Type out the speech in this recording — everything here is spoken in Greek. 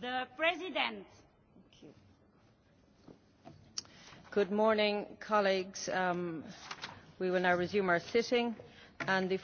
The President. Good morning, colleagues. We will now resume our sitting. and